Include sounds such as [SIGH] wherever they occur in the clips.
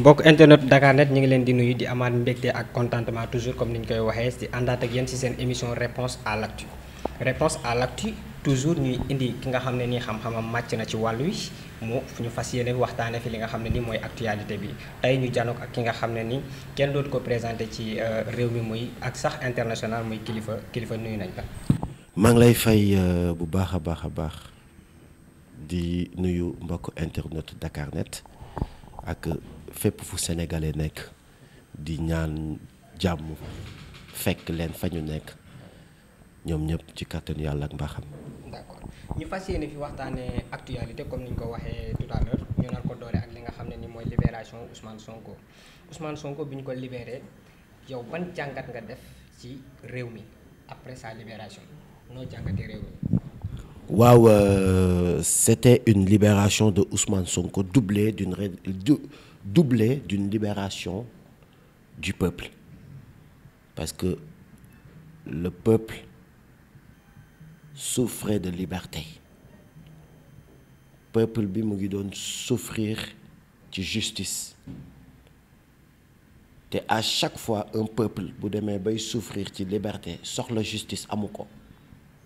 mbokk internet Dakar Net ñu ngi leen di nuyu di amaat mbégte ak contentement toujours comme ni ñu koy waxee di àndaat ak yéen ci seen émission réponse à l'actu réponse à l'actu toujours ñuy indi ki nga xam ne nii xam-xamam màcc na ci wàll wi mu ñu fas yéene waxtaane fi li nga xam ne ni mooy actualité bi tey ñu janook ak ki nga xam ne ni kenn dootu ko présenté ci euh, réew mi muy ak sax international muy kilifa kilifa nuyu nañ la maa ngi lay fay euh, bu baax a baax a baax di nuyu mbokk internet Dakar Net fépp fu sénégalais nekk di ñaan jàmm fekk leen fa ñu nekk ñoom ñëpp ci kàttanu yàlla ak mbaaxam. d'accord ñu fas yéene fi waxtaanee actualité comme ni ñu ko waxee tout à l'heure ko doore ak li nga xam ne ni mooy libération Ousmane Sonko Ousmane Sonko bi ñu ko libéré yow ban jàngat nga def ci réew mi après sa libération noo jàngatee réew mi. waaw euh, c'était une libération de Ousmane Sonko doublée d'une doublé d'une libération du peuple. Parce que le peuple souffrait de liberté. peuple bi mu ngi doon souffrir ci justice te à chaque fois un peuple bu demee bay souffrir ci liberté soxla justice amu ko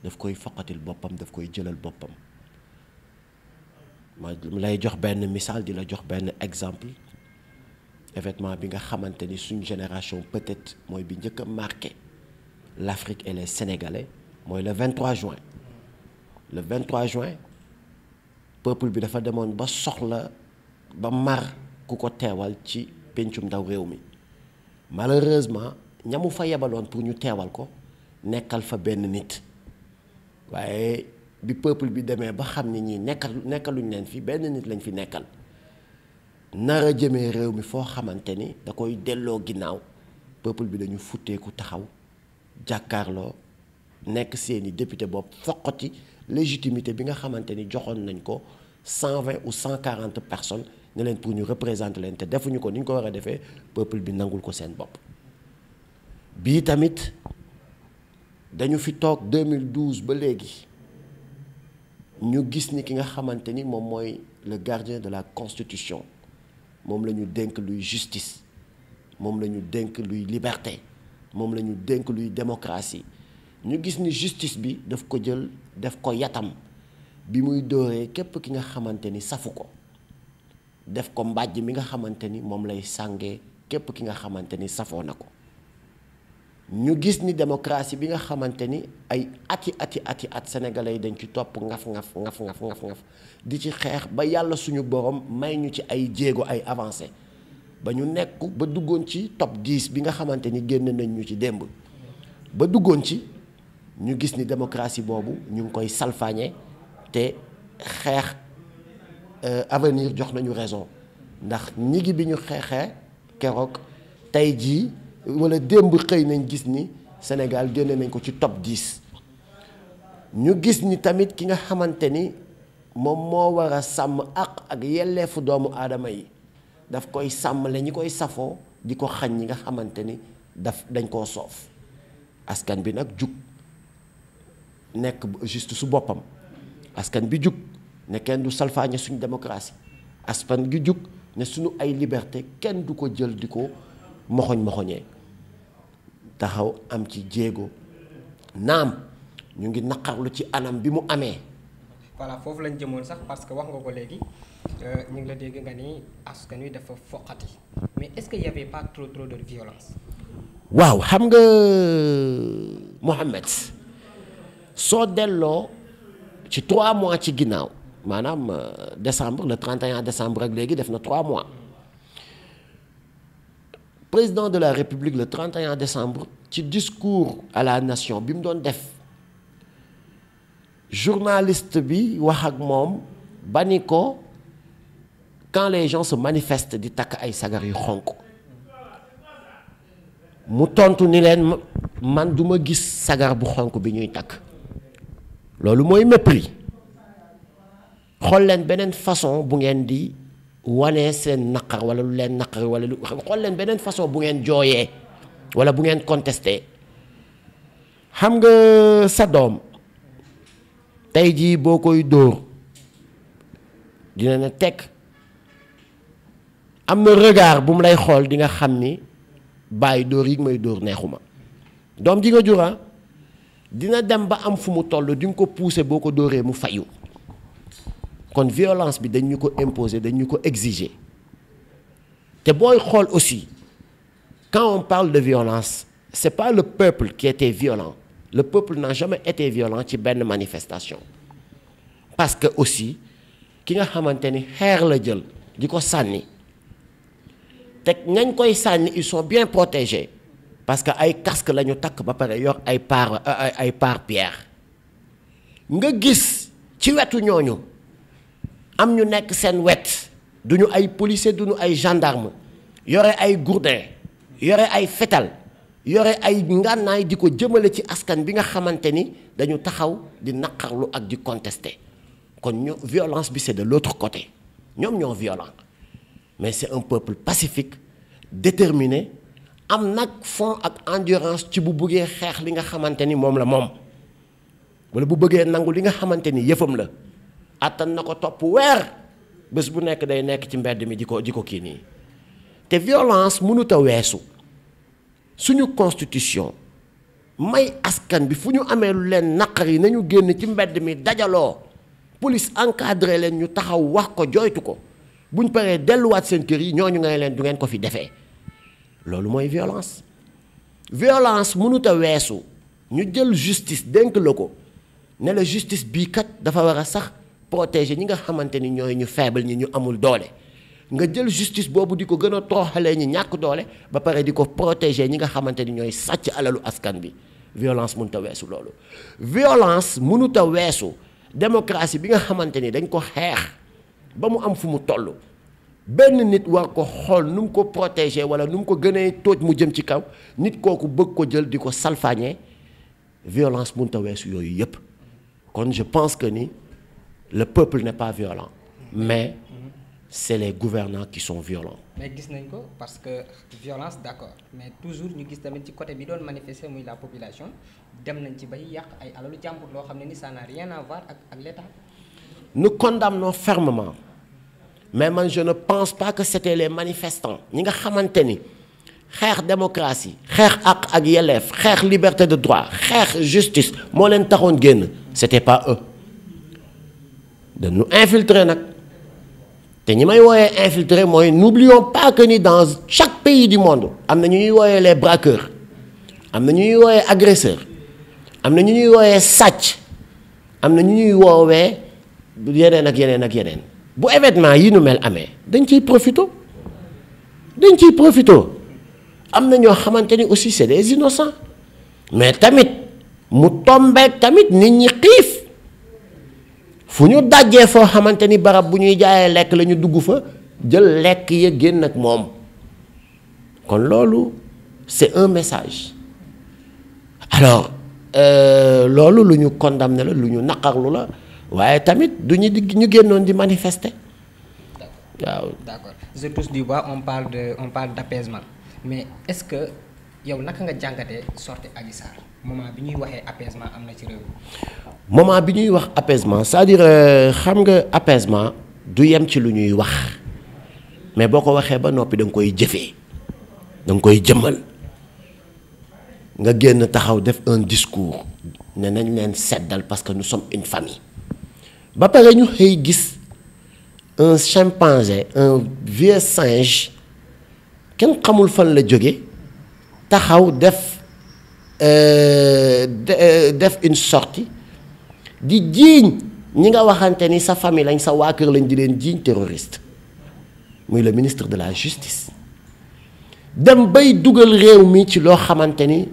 daf koy foqatil boppam daf koy jëlal boppam ma lay jox benn misaal di la jox benn exemple événement bi nga xamante ni suñ génération peut-être mooy bi njëkk a marqué l'Afrique et les Sénégalais mooy le 23 juin le 23 juin peuple bi dafa demoon ba soxla ba mar ku ko teewal ci pencum ndaw réew mi malheureusement ñamu fa yebaloon pour ñu teewal ko nekkal fa benn nit waaye bi peuple bi demee ba xam ne ñi nekkal nekkaluñ leen fi benn nit lañ fi nekkal nar a jëmee réew mi foo xamante ni da koy delloo ginnaaw peuple bi dañu futteeku taxaw jàkkaarloo nekk seeni député bopp foqati légitimité bi nga xamante ni joxoon nañ ko cent vingt ou cent quarante personnes ne leen pour ñu représenter leen te defuñu ko ni ñu ko war a defee peuple bi nangul ko seen bopp. bii tamit dañu fi toog 2012 ba léegi ñu gis ni ki nga xamante ni moom mooy le gardien de la constitution. moom la ñu dénk luy justice moom la ñu dénk luy liberté moom la ñu dénk luy démocratie ñu gis ni justice bi daf ko jël def ko yatam bi muy dóoree képp ki nga xamante ni safu ko def ko mbàjj mi nga xamante ni moom lay sàngee képp ki nga xamante ni safoo na ko ñu gis ni démocratie bi nga xamante ni ay ati ati ati at sénégalais yi dañ ci topp ngaf ngaf ngaf ngaf ngaf ngaf di ci xeex ba yàlla suñu borom may ñu ci ay jéego ay avancé ba ñu nekk ba duggoon ci topp 10 bi nga xamante ni génn nañ ñu ci démb ba duggoon ci ñu gis ni démocratie boobu ñu ngi koy salfaañe te xeex euh, avenir jox nañu raison ndax ñigi bi ñu xeexee keroog tey jii wala démb xëy nañ gis ni senegal génne nañ ko ci top diis ñu gis ni tamit ki nga xamante ni moom moo war a sàmm àq ak yelleefu doomu aadama yi daf koy sàmm la koy safoo di ko xañ ñi nga xamante ni daf dañ koo soof askan bi nag jug nekk juste su boppam askan bi jug ne kenn du salfaañe suñ démocratie askan gi jug ne suñu ay liberté kenn du ko jël di ko moxoñ moxoñee taxaw am ci jéego naam ñu ngi naqarlu ci anam bi mu amee. voilà foofu lañ jëmoon sax parce que wax nga ko léegi euh, ñu ngi la dégg nga ni askan wi dafa foqati mais est-ce que y avait pas trop trop de violence. waaw xam nga Mohamed soo delloo ci trois mois ci ginnaaw maanaam euh, décembre le 31 décembre rek léegi def na trois mois. président de la république le 31 décembre ci discours à la nation bi mu doon def journaliste bi wax ak moom ba ko kan les gens se manifestent di takk ay sagar yu xonk mu tontu ni leen man duma gis sagar bu xonk bi ñuy takk loolu mooy mépris xool leen beneen façon bu ngeen di wane seen naqar wala lu leen naqar wala lu xool leen beneen façon bu ngeen jooyee wala bu ngeen contesté xam nga sa doom tey jii boo koy dóor dina ne teg am na regard bu mu lay xool di nga xam ni bàyyi dóor yi may dóor neexu ma doom ji nga jura ah, dina dem ba am fu mu toll di ko pousser boo ko dóoree mu fayu kon violence bi dañ ñu ko imposer dañu ko exiger te booy xool aussi quand on parle de violence c'est pas le peuple qui était violent le peuple n'a jamais été violent ci benn manifestation parce que aussi ki nga xamante ni xeer la jël di ko sànni te ñañ koy sànni ils bien protégés parce que ay casque la ñu takk ba pare yor ay par ay par pierre nga gis ci wetu ñooñu am ñu nekk seen wet du ñu ay policier du ñu ay gendarme yore ay gourdin yore ay fetal yore ay ngànnaay di ko jëmale ci askan bi nga xamante ni dañu taxaw di naqarlu ak di contester kon ñoo violence bi c'est de l'autre côté ñoom ñoo violent mais c'est un peuple pacifique déterminé am nag fonds ak endurance ci bu bëggee xeex li nga xamante ni moom la moom wala bu bëggee nangu li nga xamante ni yëfam la attan na ko topp weer bés bu nekk day nekk ci mbedd mi di ko di ko kii nii te violence mënut a weesu suñu constitution may askan bi fu ñu amee lu leen naqar yi nañu génn ci mbedd mi dajaloo police encadré leen ñu taxaw wax ko jooytu ko buñ paree delluwaat seen kër yi ñooñu ngay leen du ngeen ko fi defee loolu mooy violence violence mënut a weesu ñu jël justice dénk la ko ne justice bii kat dafa war a sax protéger ñi nga xamante ni ñooy ñu faible ñi ñu amul doole nga jël justice boobu di ko gën a tooxalee ñi ñàkk doole ba pare di ko protégé ñi nga xamante ni ñooy sàcc alalu askan bi violence mënut a weesu loolu. violence mënut a weesu démocratie bi nga xamante ni dañ ko xeex ba mu am fu mu toll benn nit war ko xool nu mu ko protéger wala nu mu ko gënee tóoj mu jëm ci kaw nit kooku bëgg ko jël di ko salfaañee violence mënut a weesu yooyu yëpp kon je le peuple n'est pas violent mais c'est les gouvernants qui sont violents. mais gis nañ ko parce que violence d'accord mais toujours ñu gis tamit ci côté bi doon manifester muy la population dem nañ ci bay yàq ay alalu jàmbur loo xam ne ni ça n'a rien à voir ak ak l'État. nous condamnons fermement mais man je ne pense pas que c'était les manifestants ñi nga xamante ni xeex démocratie xeex ak ak yelleef xeex liberté de droit xeex justice moo leen taxoon génn c'était pas eux. dañu infiltrer nag te ñi may wooyee infiltrer mooy n'oublions pas que ni dans chaque pays du monde am na ñu ñuy wooyee les braqueurs am na ñu ñuy wooyee agresseurs am na ñu ñuy wooyee sàcc am na ñu ñuy woowee yeneen ak yeneen ak yeneen bu événement yi nu mel amee dañ ciy profito dañ ciy profito am na ñoo xamante ni aussi c'est des innocents mais tamit mu tombeek tamit nit ñi xiif fu ñu dajjee foo xamante ni barab bu ñuy jaayee lekk la ñu dugg fa jël lekk ya génn ak moom kon loolu c'est un message alors euh, loolu lu ñu condamné la lu ñu naqarlu la waaye tamit du ñu di ñu génnoon di manifester waaw. d'accord je touche du bois on parle de on parle d'apaisement mais est-ce que yow naka nga jàngate sortie Adji Sarr moment bi ñuy waxee apaisement am na ci bi ñuy wax apaisement cest dire euh, xam nga apaisement du yem ci lu ñuy wax mais boo ko waxee ba noppi da nga koy jëfee da nga koy jëmmal nga génn taxaw def un discours ne nañ leen seddal parce que nous sommes une famille ba pare ñu xëy gis un chimpanzé un vieux singe kenn xamul fan la jóge taxaw def Euh, euh, def une sortie di jiiñ ñi nga waxante ni sa famille añ sa waa kër lañ di leen jiiñ terroriste muy le ministre de la justice dem bay dugal réew mi ci loo xamante ni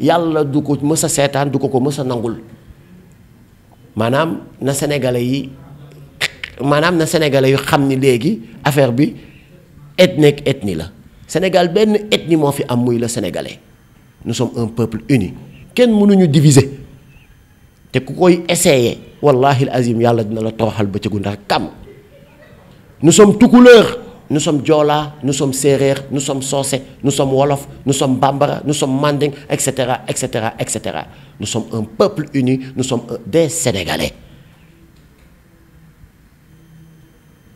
yàlla du ko mësa seetaan du ko ko mës a nangul maanaam na sénégalais yi maanaam na sénégalais yu xam ni léegi affaire bi ethnie ak ethnie la Sénégal benn ethnie moo fi am muy la sénégalais. nu sommes un peuple uni kenn mënuñu diviser te ku koy essayer wallahi azim yàlla dina la toroxal bëccëgu ndax kàmm nous sommes tukuleur nous sommes joola nous sommes séeréer nu some soose nous sommes wolof nu sommes bambara nu sommes manding et cetera et cetera et cetera nous sommes un peuple uni nous sommes des sénégalais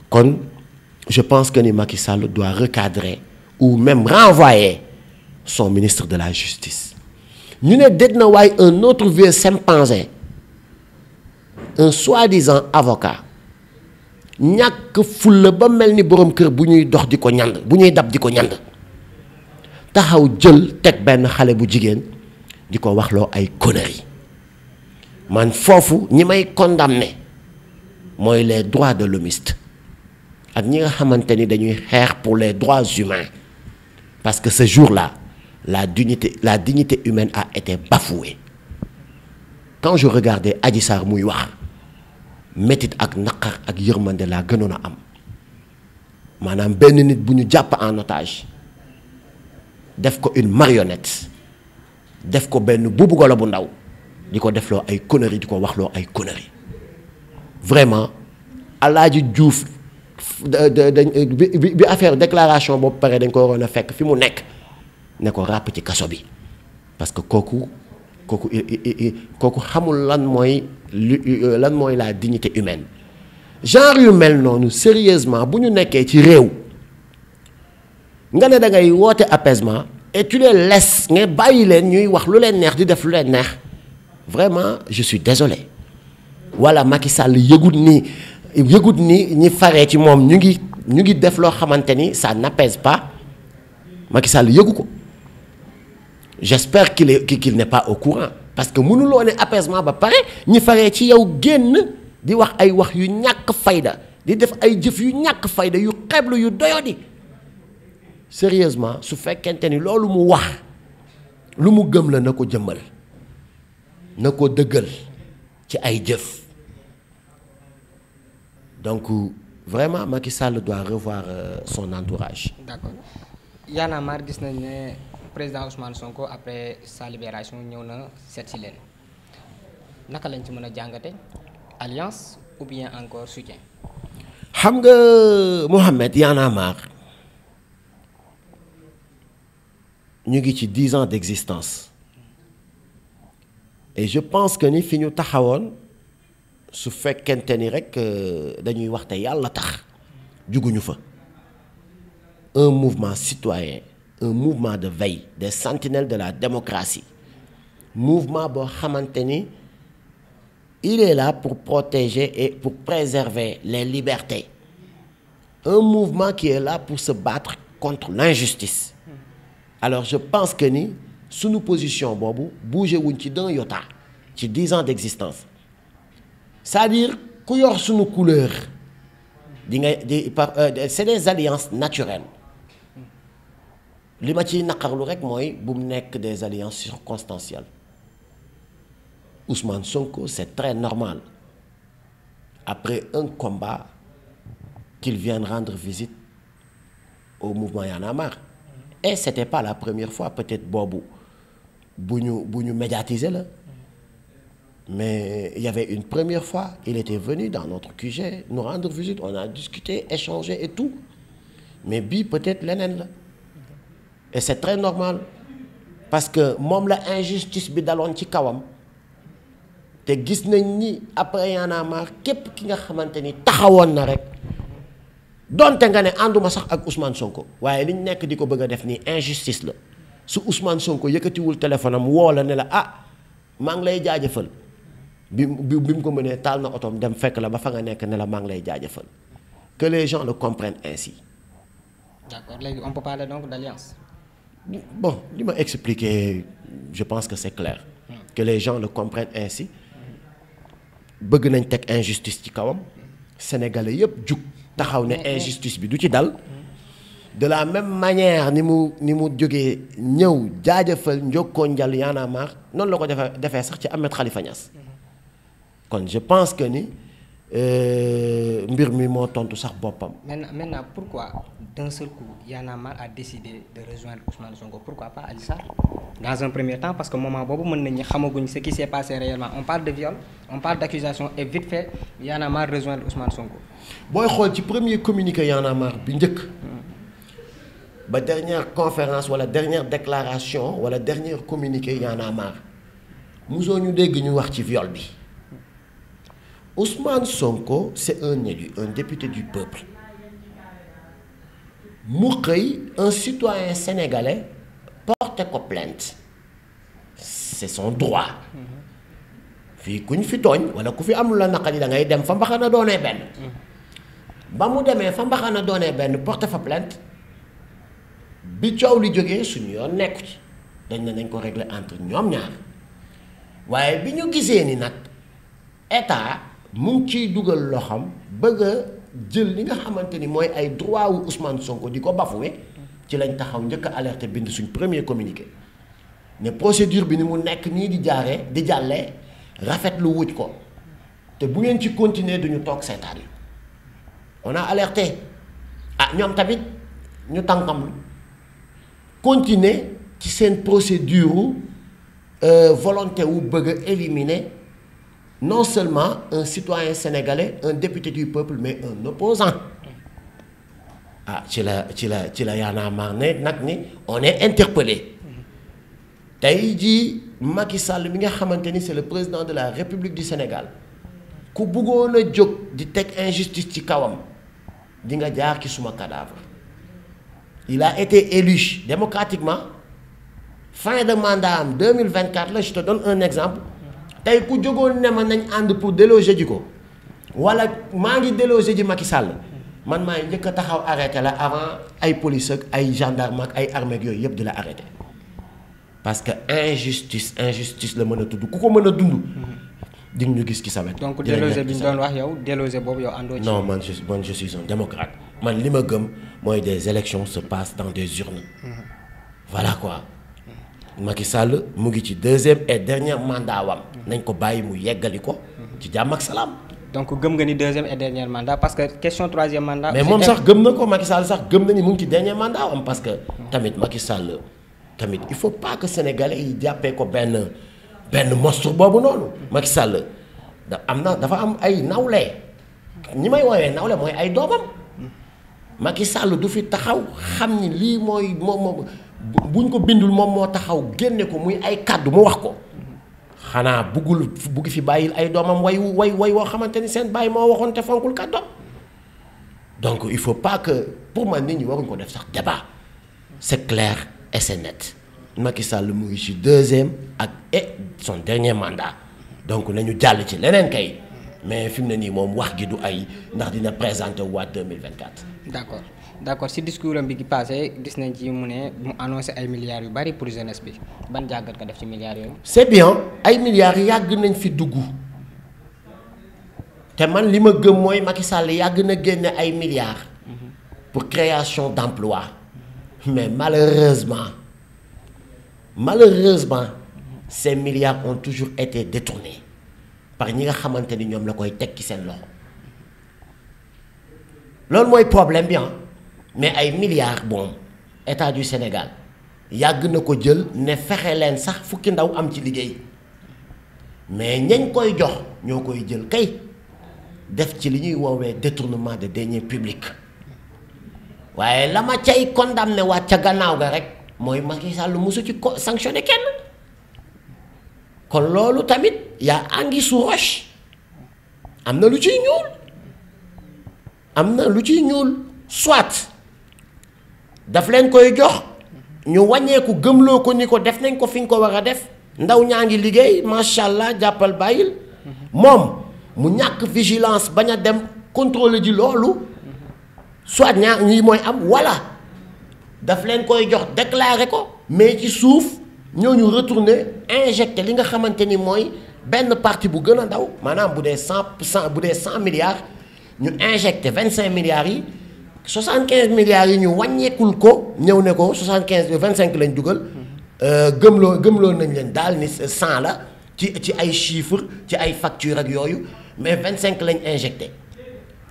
kon je pense que ni Macky Sall doit recadrer ou même renvoyer so ministre de la justice ñu ne déet na waaye un autre vieux simpanzin un soi-disant avocat ñàkk fulla ba mel ni boroom kër bu ñuy dox di ko ñand bu ñuy dab di ko ñand taxaw jël teg benn xale bu jigéen di ko waxloo ay conneries man foofu ñi may condamné mooy les droits de l'homiste ak ñi nga xamante ni dañuy xeex pour les droits humains parce que ce jours là la dignité, la dignité humaine a été bafouée. Quand je regardais muy wax métit ak naqar ak yërmande laa gënoon a am maanaam benn nit bu ñu jàpp en otage def ko une marionnette def ko benn buubu golo bu ndaw di ko def loo ay conneries di ko waxloo ay conneries vraiment Alaaji Diouf da da bi affaire déclaration boobu pare dañ ko waroon a fekk fi mu nekk. ne ko ràpp ci kaso bi parce que kooku kooku kooku xamul lan mooy euh, lan mooy la dignité humaine genre yu mel noonu sérieusement bu ñu nekkee ci réew nga ne da ngay woote apaisement et les laisses nga bàyyi leen ñuy wax lu leen neex di def lu leen neex vraiment je suis désolé wala Macky Sall yëgut ni yëgut ni ñi faree ci moom ñu ngi ñu ngi def loo xamante ni ça n'apaise pas Macky Sall yëgu ko j'espère qu'il est qu'il n'est pas au courant parce que mënuloo ne apaisement ba pare ñi faree ci yow génn di wax ay wax yu ñàkk fayda di def ay jëf yu ñàkk fayda yu xeblu yu doyodi sérieusement su fekkente ni loolu mu wax lu mu gëm la na ko jëmmal na ko dëggal ci ay jëf donc vraiment Macky Sall doit revoir euh, son entourage. d'accord Y'en a gis nañ ne. président Ousmane Sonko après sa libération ñëw na seet leen naka lañ ci mën a jàngate alliance ou bien encore soutien. xam nga Mohamed Y en ñu ngi ci dix ans d'existence et je pense que ni fi ñu taxawoon su fekkente ni rek euh, dañuy wax te yàlla tax juguñu fa un mouvement citoyen. un mouvement de veille des sentinelles de la démocratie mouvement boo xamante ni il est là pour protéger et pour préserver les libertés un mouvement qui est là pour se battre contre l'injustice alors je pense que ni suñu position boobu bougé wuñ ci d'un iota ci dix ans d'existence c'est-à-dire ku yor suñu couleur di nga di par euh, c'est des alliances naturelles li ma ciy naqarlu rek mooy bu mu nekk des alliances circonstancielles Ousmane Sonko c'est très normal après un combat qu'il vienne rendre visite au mouvement Y'en a marre et c'était pas la première fois peut-être boobu bu ñu bu ñu médiatiser la mais il y avait une première fois il était venu dans notre QG nous rendre visite on a discuté échangé et tout mais bii peut-être leneen la et c'est très normal parce que moom la injustice bi daloon ci kawam te gis nañ ni après Y képp ki nga xamante ni taxawoon na rek donte nga ne ànduma sax ak Ousmane Sonko waaye liñ nekk di ko bëgg a def nii injustice la su Ousmane Sonko yëkkatiwul téléphone am woo la ne la ah maa ngi lay jaajëfal bi bi bi mu ko mënee taal na otoom dem fekk la ba fa nga nekk ne la maa ngi lay jaajëfal que les gens le comprennent ainsi. D'accord, léegi on peut parler donc bon li ma expliquer je pense que c'est clair que les gens le comprennent ainsi bëgg nañ teg injustice ci kawam sénégalais yëpp jug taxaw ne injustice bi du ci dal de la même manière ni mu ni mu jógee ñëw jaajëfal njokkoo njal yaanaa maar noonu la ko defee defee sax ci Ahmed Khalifa Niass kon je pense que ni Euh, mbir mi moo tontu sax boppam. maintenant maintenant pourquoi d'un seul coup Y en a marre a décidé de rejoindre Ousmane Sonko pourquoi pas Adji Sarr dans un premier temps parce que moment boobu mën nañu xamaguñ ce qui s'est passé réellement on parle de viol on parle d'accusation et vite fait Y en a marre rejoindre Ousmane booy xool ci premier communiqué Y en a marre bi njëkk. Hmm. ba dernière conférence wala dernière déclaration wala dernier communiqué Y en a marre mosoo ñu dégg ñu wax ci viol bi. Ousmane Sonko c'est un élu un député du peuple mu xëy un citoyen sénégalais porte ko plainte c'est son droit fii kuñ fi tooñ wala ku fi am lu la naqari da ngay dem fa mbaxana doonee benn ba mu demee fa mbaxana doonee benn porte fa plainte bi coow li jógee suñu yoon nekku ci dañ ne nañ ko régler entre ñoom ñaar waaye bi ñu gisee ni nag état mu ngi ciy dugal loxam bëgg a jël li nga xamante ni mooy ay droit wu Ousmane Sonko di ko bafoué ci lañ taxaw njëkk a alerté bind suñ premier communiqué ne procédure bi ni mu nekk nii di jaaree di jàllee rafetlu wuj ko te bu ngeen ci continuer duñu toog seetaan yi on a alerté ah ñoom tamit ñu tànkam continuer ci seen procédure euh, volonté wu bëgg a éliminer non seulement un citoyen sénégalais un député du peuple mais un opposant ah ci la ci la ci la Y'en a ne nag ni on est interpellé tey jii Macky Sall mi nga xamante ni c'est le président de la République du Sénégal ku bëggoon a jóg di teg injustice ci kawam di nga jaar ki suma cadavre il a été élu démocratiquement fin de mandat am 2024 la je te donne exemple tey ku jógoon ne ma nañ ànd pour déloger ji ko wala maa ngi déloger ji ma ki Sall man maay njëkk a taxaw arrêté la avant ay police ak ay gendarme ak ay armée yooyu yëpp di la arrêté parce que injustice injustice la mën a tudd ku ko mën a dund. di ñu gis ki sa wet. donc délogé bi ñu doon wax yow délogé boobu yow àndoo ci. non man je man je suis démocrate man li ma gëm mooy des élections se passent dans des urnes. Mhm. voilà quoi. Macky Sall mu ngi ci deuxième et dernier mandat wam nañ ko bàyyi mu yeggali ko ci jàmm ak salaam. donc gëm nga ni deuxième et dernier mandat parce que question troisième mandat. mais moom sax gëm na ko Macky Sall sax gëm na ni mu ngi ci dernier mandat wam parce que. tamit Macky Sall tamit il faut pas que sénégalais yi jàppee ko benn benn monstre boobu noonu. Macky Sall da am na dafa am ay nawle ñi may woowee nawle mooy ay doomam. Macky Sall du fi taxaw xam ni lii mooy moom. buñ ko bindul moom moo taxaw génne ko muy ay kàddu mu wax ko xanaa buggul buggi fi bàyyil ay doomam way way way woo xamante ni seen bàyyi moo waxoon te fonkul kàddu donc il faut pas que pour man nit ñi waruñ ko def sax débat c'est clair et c'est net Macky Sall mu ngi ci deuxième ak et son dernier mandat donc nañu jàll ci leneen kay mais fi mu ne nii moom wax gi du ay ndax dina présenté waa 2024. d' accord d' accord si discours am bi gi passé gis nañ ci mu ne mu annoncé ay milliards yu bari pour jeunesse bi ban jàngat ko def ci milliards yooyu. c' est bien ay milliards yàgg nañ fi dugg te man li ma gëm mooy Macky Sall yàgg na génne ay milliards. pour création d' emploi. mais malheureusement malheureusement ces milliards ont toujours été détournés. par ñi nga xamante ni ñoom la koy teg ci seen loxo loolu mooy problème bi ah. mais ay milliards bon état du Sénégal yàgg na ko jël ne fexe leen sax fukki ndaw am ci liggéey mais ñañ koy jox ñoo koy jël kay def ci li ñuy woowee détournement de deniers publics waaye la ma cay condamné waat ca gannaaw ga rek mooy Macky Sall mosu ci ko kenn. kon loolu tamit yaa angi su roche am na lu ciy ñuul am na lu ciy ñuul soit daf leen koy jox ñu wàññeeku gëmloo ko ni ko def nañ ko fi ñu ko war a def ndaw ñaa ngi liggéey macha allah jàppal bàyyil moom mu ñàkk vigilance bañ a dem contrôler ji loolu soit ñaar ñii mooy am walla daf leen koy jox déclarer ko mais ci suuf. ñëw ñu retourner injecté li nga xamante ni mooy benn partie bu gën a ndaw maanaam bu dee cent cent bu dee cent milliards ñu injecté vingt cinq milliards yi soixante quinze milliards yi ñu wàññeekul ko ñëw ne ko soixante quinze vingt cinq lañ dugal euh, gëmloo gëmloo nañ leen daal ni cent la ci ci ay chiffres ci ay factures ak yooyu mais vingt cinq lañ injecté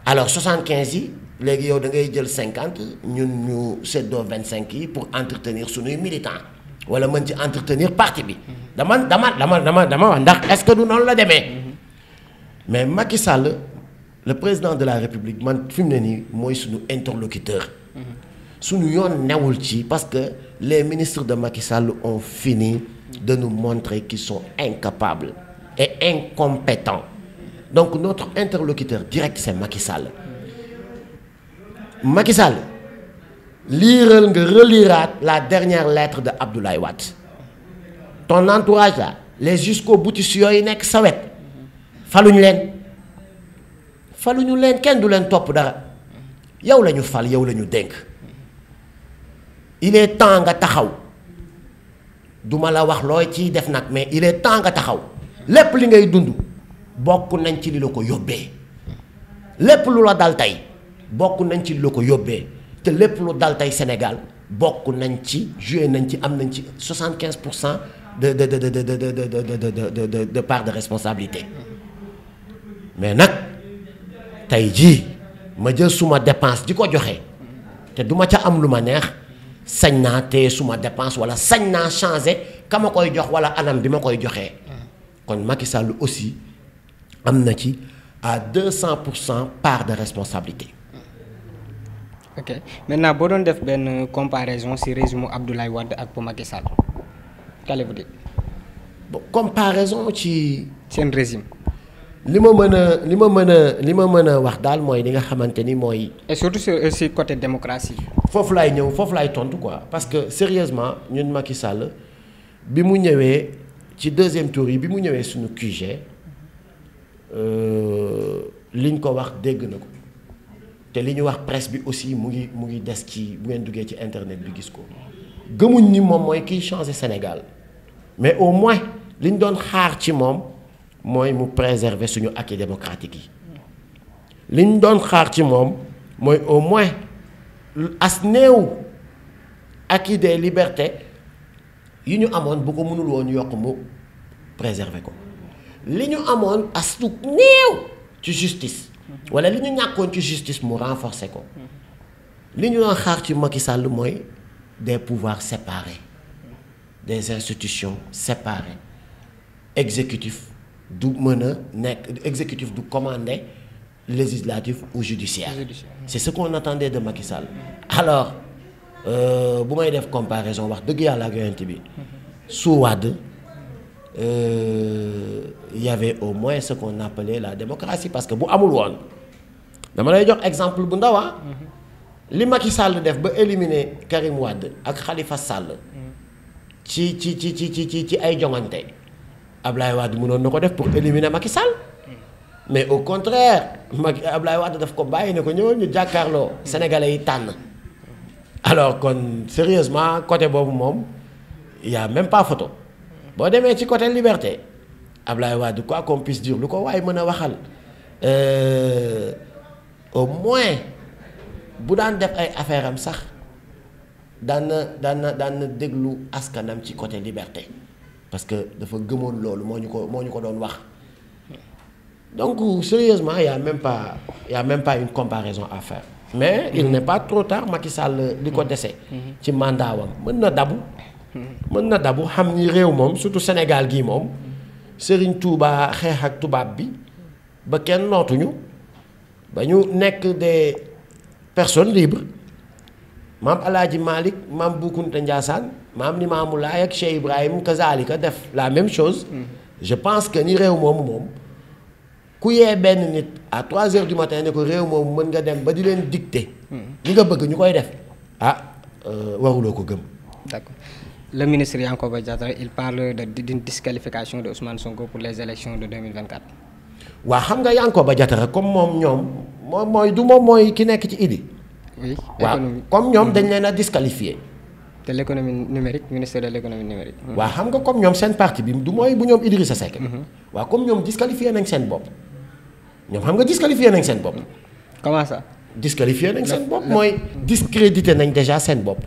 alors soixante quinze yi léegi yow da ngay jël cinquante ñun ñu seddoo vingt cinq yi pour entretenir suñuy militants wala man ci entretenir parti bi. dama dama dama dama dama wax ndax est-ce que du noonu la demee. mais Macky Sall le président de la République man fi mu ne nii mooy suñu interlocuteur. suñu yoon newul ci parce que les ministres de Macky Sall ont fini de nous montrer qu'ils sont incapables et incompétents donc notre interlocuteur direct c'est Macky Sall. Macky liiral nga reliraat la dernière lettre de Abdoulaye Wade ton entourage là les jusqu'au boutistes yooyu nekk sawet faluñ leen faluñu leen kenn du leen topp dara yow lañu fal yow lañu dénk il temps nga taxaw duma la wax looy ciy def nag mais il temps nga taxaw lépp li ngay dund bokk nañ ci li la ko yóbbee lépp lu la dal tey bokk nañ ci li la ko yóbbee te lépp lu dal tey Sénégal bokk nañ ci joué nañ ci am nañ ci 75 pour cent de de de de de de part de responsabilité mais nag tey jii ma jël suma dépense di ko joxee te duma ca am lu ma neex sañ naa téye suma dépense wala sañ naa changer ka ma koy jox wala anam bi ma koy joxee kon Macky Sall aussi am na ci à cent pour cent part de responsabilité. ok maintenant boo doon def benn comparaison ci régime Abdoulaye Wade ak bu Macky Sall qu'allez-vous dire. bon comparaison ci. seen résime li ma mën a li ma mën a li ma mën a wax daal mooy li nga xamante ni mooy. et surtout ci euh, côté démocratie. foofu laay ñëw foofu laay tontu quoi parce que sérieusement ñun Macky Sall bi mu ñëwee ci deuxième tour yi bi mu ñëwee suñu QG euh, liñ ko wax dégg na ko. te li ñu wax presse bi aussi mu ngi mu ngi des ci bu ngeen duggee ci internet bi gis ko gëmuñ ni moom mooy kiy changer Sénégal mais au moins li ñu doon xaar ci moom mooy mu préserver suñu acquis démocratique yi li ñu doon xaar ci moom mooy au moins as néew acquis des libertés yi ñu amoon bu ko mënul woon yokk mu préserver ko li ñu amoon as néew ci justice Mhm. wala li ñu ñàkkoon ci justice mu renforcer ko mhm. li ñu doon xaar ci Macky Sall mooy des pouvoirs séparés des institutions séparées exécutif du mën a nekk exécutif du commander législatif ou judiciaire c'est ce qu'on attendait de Macky Sall alors euh, bu may def comparaison wax dëgg yàlla ak yonent bi mhm. su Wade Euh, y avait au moins ce qu'on appelait la démocratie parce que bu amul woon dama lay jox exemple bu ndaw ah. mm-hmm. li i Sall def ba éliminer Karim Wade ak Khalifa Sall. Mm-hmm. ci ci ci ci ci ci ay joŋante Ablaye Wade mënoon na ko def pour éliminer Macky Sall. Mm-hmm. mais au contraire Macky Ablaye Wade daf ko bàyyi ne ko ñëwoon ñu jàkkaarloo sénégalais yi tànn. alors kon sérieusement côté boobu moom y a même pas photo. boo demee ci côté liberté Ablaye waa du ko puisse dire lu ko waaye mën a waxal euh, au moins bu daan def ay affaire am sax daan na daan daan déglu askanam ci côté liberté parce que dafa gëmoon loolu moo ñu ko moo ñu ko doon wax donc sérieusement y a même pas y a même pas une comparaison à faire mais il ne pas trop tard Macky Sall li ko dese mm-hmm. ci mandat mën na dabu mën na dabu xam ni réew moom surtout Sénégal gii moom Serigne Touba xeex ak tubaab bi ba kenn nootuñu ba ñu nekk de personnes libres maam Alaaji Malick maam Boukounta Ndiassane maam Limaamu Laay ak Cheikh Ibrahim kazalika def la même chose mm. je pense que ni réew moomu moom ku yee benn nit à trois heures du matin ne ko réew moomu mën nga dem ba di leen dicter mm. li nga bëgg ñu koy def ah euh, waruloo ko gëm le ministre Yankoba Diattara il parle de d'une disqualification de Ousmane Sonko pour les élections de 2024. xam nga Yankoba Diattara comme moom ñoom moo mooy du moom mooy ki nekk ci IDI. oui waaw comme ñoom dañ mm-hmm. leen a disqualifié. te l'économie numérique ministre de l'économie numérique. Mm-hmm. waaw xam nga comme ñoom seen parti bi du mooy bu ñoom Idrissa Seck. Mm-hmm. waaw comme ñoom disqualifié nañ seen bopp. ñoom xam nga disqualifié nañ seen bopp. nañ seen bopp mooy discrédité nañ déjà seen bopp.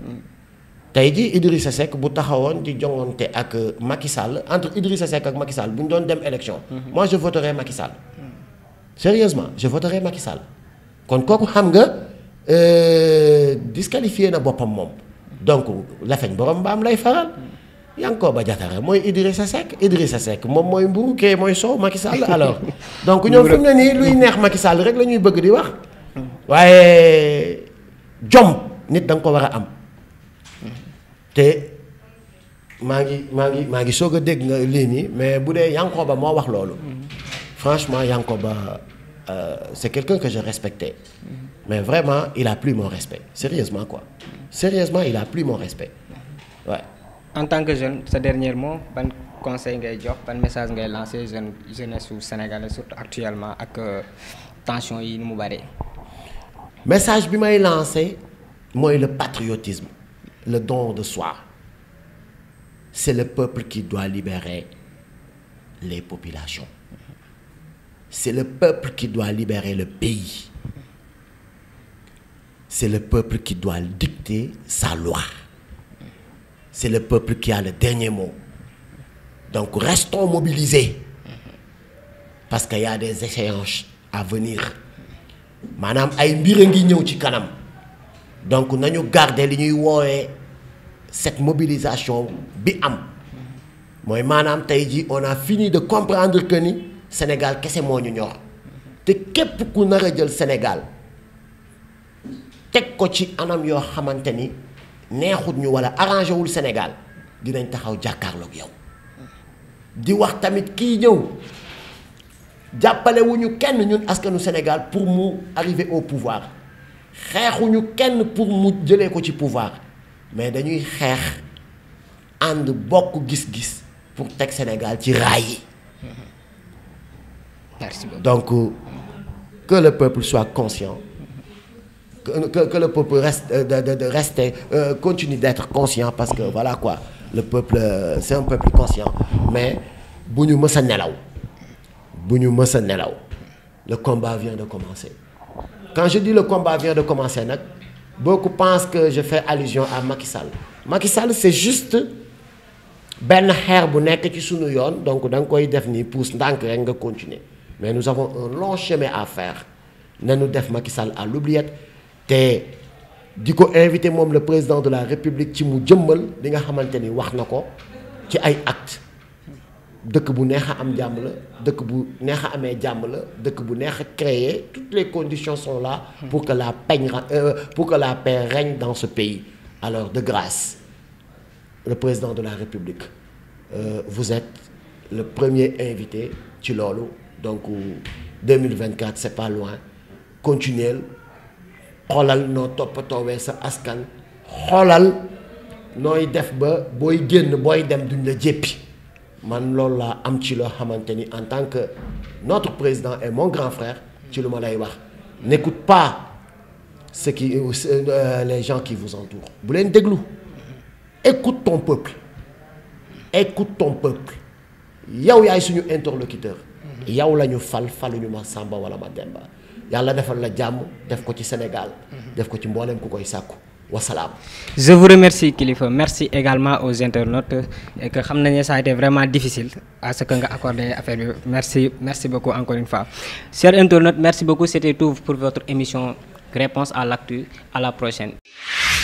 tey ji sa Seck bu taxawoon di jongante ak Macky Sall entre sa Seck ak Macky Sall bu ñu doon dem élection. Mhm. moi je voterai Macky Sall. Mhm. sérieusement je voterai Macky Sall. kon kooku xam nga euh, disqualifié na boppam moom. donc lafeñ borom mbaam lay faral. Mhm. ba Diattara mooy sa Idrissa Seck sa Seck moom mooy mburu kee mooy soow Macky Sall alors. [LAUGHS] donc ñoom fi mu ne nii luy neex Macky Sall rek la ñuy bëgg di wax. waaye jom nit da ko war a am. te maa ngi maa ngi maa ngi soog dégg nga lii nii mais bu dee ba moo wax loolu. franchement Yankoba euh, c'est quelqu'un que je respectais. mais vraiment il a plu mon respect sérieusement quoi. sérieusement il a plu mon respect waaw. Ouais. en tant que jeune sa dernier mot ban conseil ngay jox ban message ngay lancer jeune jeunesse su sénégalais surtout actuellement ak euh, tension yi ni mu bëree. message bi may lancer mooy le patriotisme. le don de soi. C'est le peuple qui doit libérer les populations. C'est le peuple qui doit libérer le pays. C'est le peuple qui doit dicter sa loi. C'est le peuple qui a le dernier mot. Donc restons mobilisés. Parce que y des échéances à venir. maanaam ay mbir a ngi ñëw ci kanam donc nañu garder li ñuy woowee cette mobilisation bi am mooy maanaam tey jii on a fini de comprendre que ni Sénégal kese moo ñu ñor te képp ku nar a jël Sénégal teg ko ci anam yoo xamante ni neexut ñu walla arrangé wul Sénégal dinañ taxaw jàkkaarloog yow di wax tamit kii ñëw jàppale kenn ñun askanu Sénégal pour mu arriver au pouvoir xeexuñu kenn pour mu jëlee ko ci pouvoir. mais dañuy xeex ànd bokk gis-gis pour teg Sénégal ci raay donc euh, que le peuple soit conscient. que le peuple reste euh, de de, de rester euh, continue d'être conscient parce que voilà quoi le peuple c'est un peuple conscient mais bu ñu mës a nelaw bu ñu mës a nelaw le combat vient de commencer quand je dis le combat vient de commencer nag. beaucoup pense que je fait allusion à Macky Sall Macky Sall c'est juste benn xeer bu nekk ci sunu yoon donc da nga koy def nii pousse ndànk rek nga continuer mais nous avons un long chemin à na nu def Macky Sall à l'oubliette te di ko invité moom la président de la République ci mu jëmbal li nga xamante ni wax na ko ci ay actes dëkk bu neex a am jàmm la dëkk bu neex a amee jàmm la dëkk bu neex a créer toutes les conditions sont là pour que la paix euh, pour que la paix règne dans ce pays alors de grâce le président de la République euh, vous êtes le premier invité ci loolu donc 2024 euh, c'est pas loin continuez xoolal noo toppatoowee sa askan xoolal nooy def ba booy génn booy dem duñ la jéppi man loolu laa am ci loo xamante ni en tant que notre président et mon grand frère ci lu ma lay wax n'écoute pas ce qui euh, euh, les gens qui vous entourent bu leen déglu écoute ton peuple écoute ton peuple yow yaay suñu interlocuteur yow lañu ñu fal faluñu ma Samba wala ma Demba yàlla defal la jàmm def ko ci Sénégal def ko ci mbooleem ku koy sàkku wasalaam. je vous remercie Kilifeu merci également aux internautes et que xam nañu ne a été vraiment difficile à ce que nga accordé affaire bi merci merci beaucoup encore une fois chers internautes merci beaucoup c'était tout pour votre émission réponse à l'actu à la prochaine.